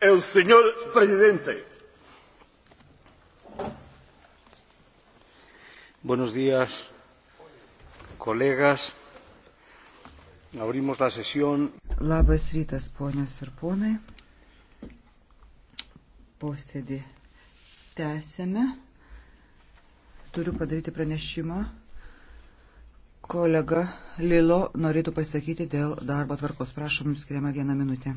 el señor presidente. Buenos días, colegas. Abrimos la sesión. Labas rytas, ponios ir ponai. Posėdį tęsėme. Turiu padaryti pranešimą. Kolega Lilo norėtų pasakyti dėl darbo tvarkos. Prašom, skiriama vieną minutę.